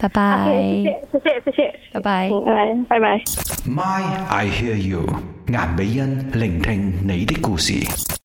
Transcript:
拜拜。O K，多謝，多謝，多謝。拜拜，拜拜，拜拜。My I hear you，顏美欣聆聽你的故事。